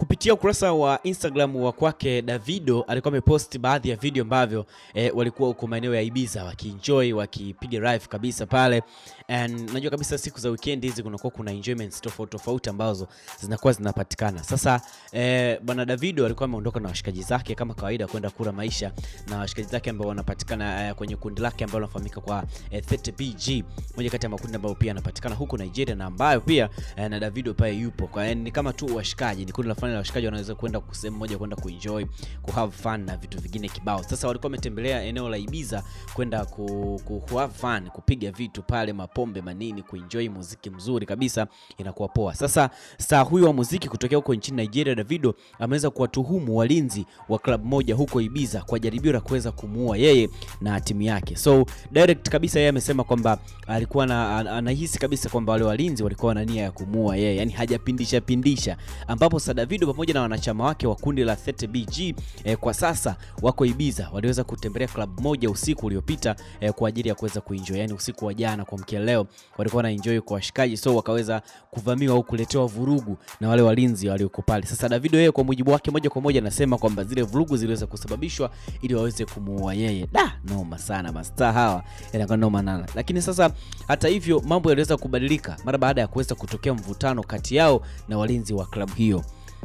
Kupitia ukurasa wa Instagram wa kwake Davido alikuwa ameposti baadhi ya video ambavyo eh, walikuwa huko maeneo ya Ibiza wakienjoy wakipiga live kabisa pale. And najua kabisa siku za weekend hizi kunakuwa kuna enjoyments tofauti tofauti ambazo zinakuwa zinapatikana. Sasa eh, bwana Davido alikuwa ameondoka na washikaji zake kama kawaida kwenda kula maisha na washikaji zake ambao wanapatikana eh, kwenye kundi lake ambalo linafahamika kwa eh, 30BG, moja kati ya makundi ambayo pia yanapatikana huko Nigeria na ambayo pia eh, na Davido pale yupo. Kwa eh, ni kama tu washikaji ni kundi la na washikaji wanaweza kwenda sehemu moja kwenda kuenjoy ku have fun na vitu vingine kibao. Sasa walikuwa wametembelea eneo la Ibiza kwenda ku, ku, ku have fun kupiga vitu pale, mapombe manini, kuenjoy muziki mzuri kabisa, inakuwa poa. Sasa saa huyu wa muziki kutokea huko nchini Nigeria, Davido ameweza kuwatuhumu walinzi wa club moja huko Ibiza kwa jaribio la kuweza kumuua yeye na timu yake. So direct kabisa yeye amesema kwamba alikuwa na, anahisi kabisa kwamba wale walinzi walikuwa na nia ya kumuua yeye, yani hajapindisha pindisha, ambapo sasa Davido Mshindo pamoja na wanachama wake wa kundi la 30BG eh, kwa sasa wako Ibiza. Waliweza kutembelea klabu moja usiku uliopita eh, kwa ajili ya kuweza kuenjoy, yani usiku wa jana mkia leo walikuwa na enjoy kwa washikaji, so wakaweza kuvamiwa au kuletewa vurugu na wale walinzi walioko pale. Sasa Davido yeye kwa mujibu wake moja kwa moja anasema kwamba zile vurugu ziliweza kusababishwa ili waweze kumuua yeye. Da, noma sana masta hawa, inakuwa noma nana. Lakini sasa hata hivyo mambo yaliweza kubadilika mara baada ya kuweza kutokea mvutano kati yao na walinzi wa klabu hiyo.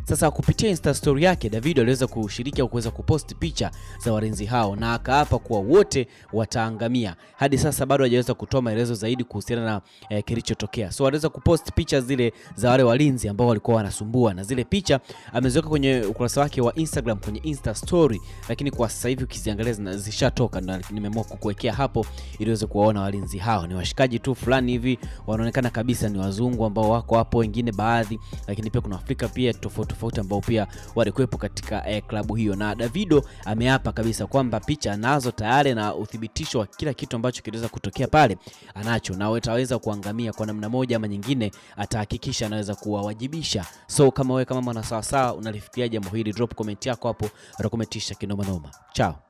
Sasa kupitia Insta story yake Davido aliweza kushiriki au kuweza kupost picha za walinzi hao na akaapa kuwa wote wataangamia. Hadi sasa bado hajaweza kutoa maelezo zaidi kuhusiana na eh, kilichotokea. So aliweza kupost picha zile za wale walinzi ambao walikuwa wanasumbua, na zile picha ameziweka kwenye ukurasa wake wa Instagram kwenye Insta story, lakini kwa sasa hivi ukiziangalia zishatoka, na nimeamua kukuwekea hapo ili uweze kuwaona walinzi hao. Ni washikaji tu fulani hivi, wanaonekana kabisa ni wazungu ambao wako hapo, wengine baadhi, lakini pia kuna Afrika pia tofauti tofauti ambao pia walikuwepo katika eh, klabu hiyo, na Davido ameapa kabisa kwamba picha anazo tayari na uthibitisho wa kila kitu ambacho kinaweza kutokea pale anacho, na taweza kuangamia kwa namna moja ama nyingine, atahakikisha anaweza kuwawajibisha. So kama wewe kama mwanasawasawa unalifikia jambo hili, drop comment yako hapo, utakometisha kinoma noma. Chao.